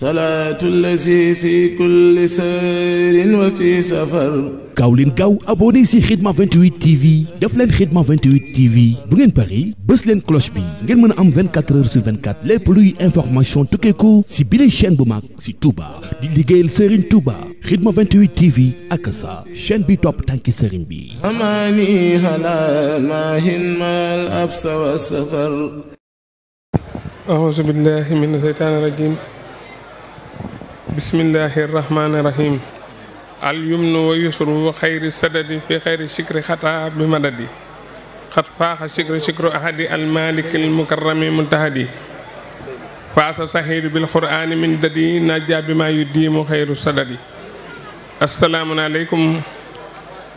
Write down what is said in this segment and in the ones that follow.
salaatu lazi fi kulli sayrin wa fi safar. gaaw leen gaaw abonné si Khidma 28 TV def leen Khidma 28 TV bu ngeen bari bës leen cloche bi ngeen mën a am 24 heures sur 24 lépp luy information tukkeeku si bile chaîne bu mag si Touba di liggéeyal Serigne Touba Khidma 28 TV ak sa chaîne bi topp tànki Serigne bi. amaani halal maahin maal absa wa safar. bismillahi rahmaani rahim al yumnu wa xayri sadadi fi xayri shikri xataa bi madadi xat faaxa shikru shikru ahadi al maliki al mukarrami muntahadi faasa saxiir bil quraani min dadi najaa bi maa yuddiimu xayru sadadi asalaamu aleykum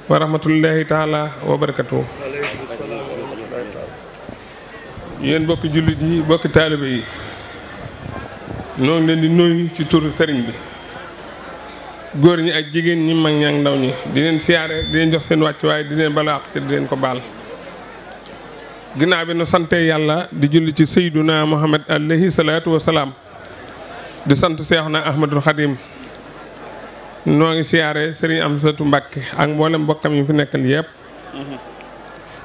wa rahmatullahi taala wa barakatuhu yéen bokki jullit yi bokki taalibe yi noo ngi leen di nuyu ci turu sëriñ bi góor ñi ak jigéen ñi mag ñi ak ndaw ñi di leen siyaare di leen jox seen wàcc waaye leen balaax te di leen ko baal ginnaaw bi nu sante yàlla di julli ci sayduna muhammad alayhi salaatu wasalaam di sant seexna ahmadul xadim noo ngi siyaare sëriñ Amsatu Mbàkke ak mboolem mbokkam yi fi nekkal yépp mm-hmm.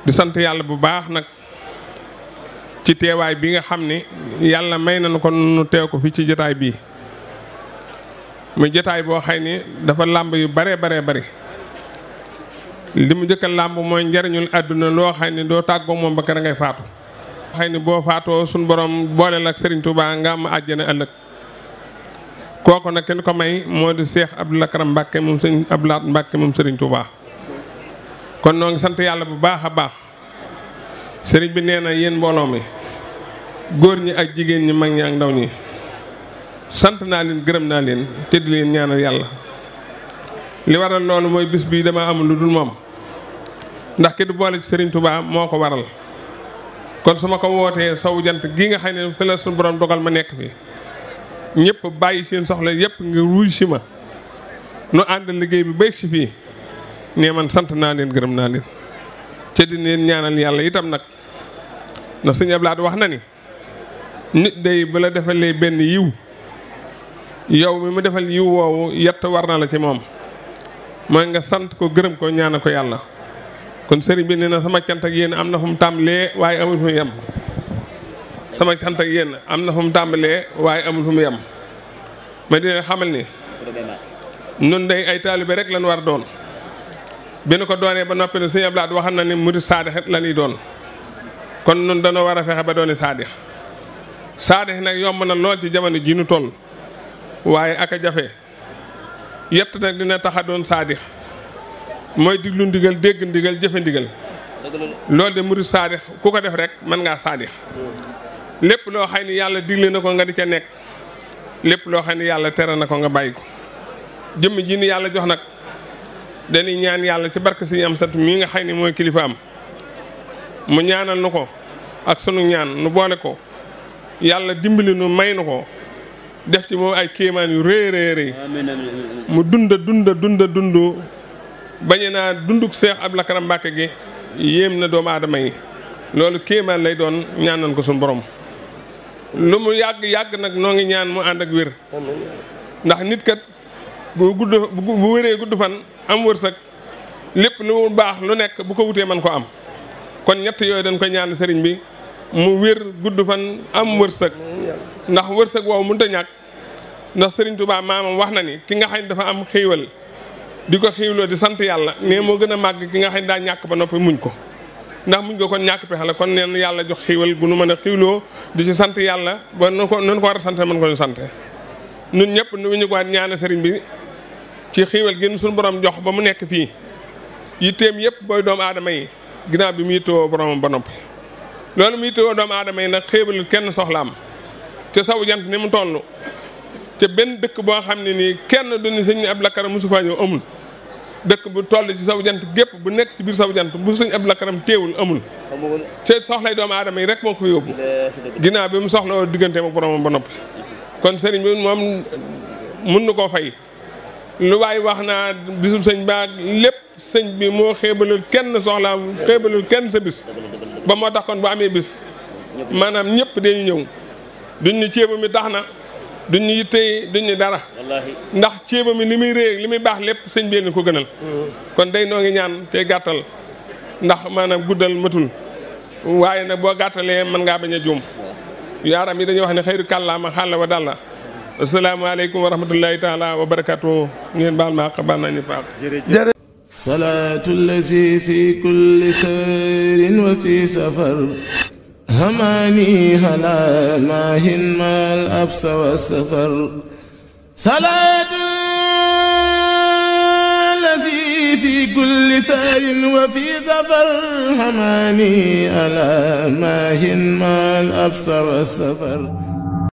di sant yàlla bu baax nag ci teewaay bii nga xam ne yàlla may nañu ko nu teew ko fi ci jotaay bii muy jotaay boo xay ni dafa làmb yu bare bare bari li mu njëkk a làmb mooy njariñul àdduna loo xay ni doo tàggoo moom ba kër ngay faatu xay ni boo faatoo suñ borom booleel ak Serigne Touba nga am àjjana ëllëg kooku nag kenn ko may moo di Cheikh ab Lahad Karam Mbacke moom sëñ Abdou Lahad Mbacke moom Serigne Touba kon noo ngi sant yàlla bu baax a baax sëriñ bi nee na yéen mbooloo mi góor ñi ak jigéen ñi mag ñi ak ndaw ñi sant naa leen gërëm naa leen te di leen ñaanal yàlla li waral loolu mooy bis bii dama am lu dul moom ndax ki du boole ci Serigne Touba moo ko waral kon su ma ko wootee saw jant gi nga xam ne fi la suñu borom bogal ma nekk fi ñëpp bàyyi seen soxla yëpp nga wuy si ma nu ànd liggéey bi béy ci fii nee man sant naa leen gërëm naa leen te di leen ñaanal yàlla itam nag ndax sëñ Ablaye wax na ni. nit day bu la defalee benn yiw yow mi mu defal yiw woowu yett war na la ci moom mooy nga sant ko gërëm ko ñaanal ko yàlla kon sëriñ bi nee na sama cant ak am na fu mu tàmbalee waaye amul mu yem sama cant yéen am na fu mu tàmbalee waaye amul fu mu yem ma dina xamal ni nun de ay taalibe rek lañ war doon bi nu ko doonee ba noppi ne sëñ Ablaat waxam na ni murid saadix la ñuy doon kon nun danoo war a fexe ba dooni saadix saade nag yomb na lool ci jamono jii nu toll waaye ak a jafe yett nag dina tax a doon saadix mooy diglu ndigal dégg ndigal jëfe ndigal loolu de murid saadix ku ko def rek mën ngaa saadix lépp loo xam ne yàlla digle na ko nga di ca nekk lépp loo xam ne yàlla tere na ko nga bàyyi ko jëmm jii ni yàlla jox nag dañuy ñaan yàlla ci barke Sëriñ Amsatu mii nga xay ni mooy kilifa am mu ñaanal nu ko ak sunu ñaan nu boole ko yàlla dimbali nu may nu ko def ci moom ay kéemaan yu rëy rëy rëy mu dunda dunda dunda dund bañe naa dunduk seex Abdou Lakram Mbàkke gi yéem na doomu aadama yi loolu kéemaan lay doon ñaan nañ ko suñu boroom lu mu yàgg yàgg nag noo ngi ñaan mu ànd ak wér ndax nit kat bu gudd bu wéree gudd fan am wërsëg lépp lu baax lu nekk bu ko wutee man ko am kon ñett yooyu dañ koy ñaan sëriñ bi mu wér gudd fan am wërsëg ndax wërsëg woowu mun a ñàkk ndax Serigne Touba maamam wax na ni ki nga xam ne dafa am xéewal di ko xéewloo di sant yàlla nee moo gën a màgg ki nga xam ne daa ñàkk ba noppi muñ ko. ndax muñ ko kon ñàkk pexe la kon neen yàlla jox xéewal gu nu mën a xéewloo di ci sant yàlla ba nu ko nu ko war a sant mën ko ñu sant ñun ñëpp nu ñu ko ñaana Serigne bi ci xéewal génn suñu borom jox ba mu nekk fii yitteem yëpp booy doomu aadama yi ginaaw bi mu yittewoo ba noppi. loolu muy tëwoo doomu aadama yi nag xéebalul kenn soxlaam ca saw jant ni mu toll te benn dëkk boo xam ne nii kenn du ni sëñ Abdou Lakram mosu faa amul dëkk bu toll ci saw jant gépp bu nekk ci biir saw jant bu sëñ ab Lakram téewul amul te soxlay doomu aadama yi rek moo ko yóbbu dinaa bi mu soxla diggante ma boromam ba noppi kon sëriñ bi moom mun na koo fay lu waay wax naa bisub sëñ ba lépp sëñ bi moo xeebalul kenn soxlaam xeebalul kenn sa bis ba moo tax kon bu amee bis maanaam ñëpp dañu ñëw duñ ñu ceeba mi tax na duñ ñu yittee duñ ñu dara ndax ceeba mi li muy réer li muy baax lépp sëñ bi leen ko gënal mm-hmm. kon day noo ngi ñaan te gàttal ndax maanaam guddal matul waaye nag boo gàttalee mën ngaa bañ a juum yaaram yi dañuy wax ne xëyru kàllaama xàlla wa dalla asalaamaaleykum wa rahmatullahi taala wa barakaatu ngeen baal ma àq baal nañu fa àq salaatu lazi fi kulli sayrin wa fi safar hamaani halal maahin maal absa wa safar salaatu lazi fi kulli sayrin wa fi safar hamaani halal maahin maal absa wa safar